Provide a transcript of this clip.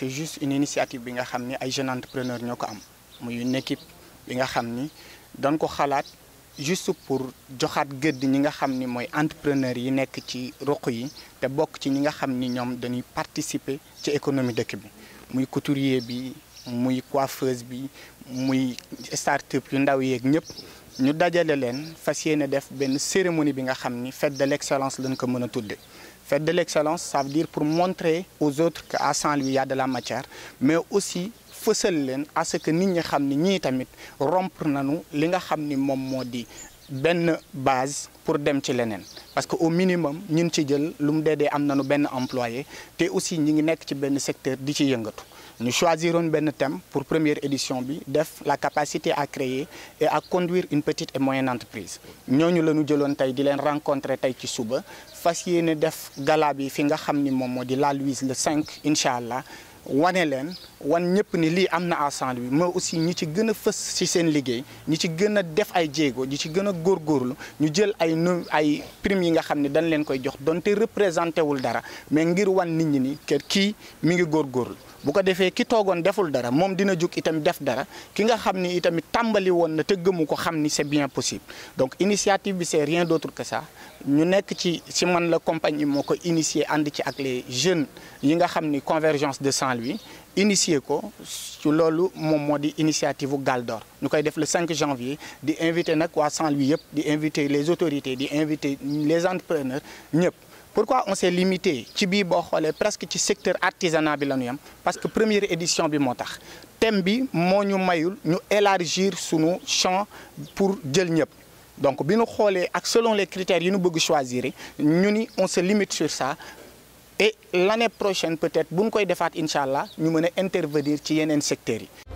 C'est juste une initiative bi nga xamni ay jeunes entrepreneurs ñoko am muy une équipe bi nga xamni dañ ko xalaat juste pour joxat gëdd ñi nga xamni moy entrepreneur yi nekk ci ruq yi te bok ci ñi nga xamni ñom dañuy participer ci économie dëkk bi muy couturier bi muy coiffeuse bi muy start-up yu ndaw ak ñëpp ñu dajalé len fas def ben cérémonie bi nga xamni fête de l'excellence lañ ko mëna tuddé Faire de l'excellence, ça veut dire pour montrer aux autres qu'à Saint-Louis, il y a de la matière, mais aussi à ce que nous, ñi nous rompre base pour dem parce qu'au minimum nous avons jël aussi ñi secteur nous choisirons un thème pour première édition, la capacité à créer et à conduire une petite et moyenne entreprise. Nous avons rencontré Taïti Souba, nous def galabi un gala de la Louise le 5, Inch'Allah wane wan ñepp ni li amna na à Saint-Louis mais aussi ñi ci gëna fess ci seen liggéey ñi ci gëna def ay djégo ñi ci gëna gor gorlu ñu jël ay ay prime yi nga xamni dañ leen koy jox donte représenté wul dara mais ngir wan nit ñi ni que ki mi ngi gor gorlu bu ko défé ki togon deful dara mom dina juk itam def dara ki nga xamni itam tambali won na te gëmu xamni c'est bien possible donc initiative bi c'est rien d'autre que ça ñu nekk ci ci man la compagnie moko initier and ci ak les jeunes yi nga xamni convergence de sang Saint-Louis initié ko ci lolu mom modi initiative galdor d'Or koy def le 5 janvier di inviter nak waa sans lui yep di inviter les autorités di inviter les entrepreneurs ñep pourquoi on s'est limité ci bi bo xolé presque ci secteur artisanat bi la ñu parce que première édition bi motax thème bi mo ñu mayul ñu élargir sunu champ pour djel ñep donc bi ñu ak selon les critères yi ñu bëgg choisir nous on se limite sur ça et l'année prochaine peut-être bu ñu koy defaat incha allah ñu mën intervenir ci yeneen secteurs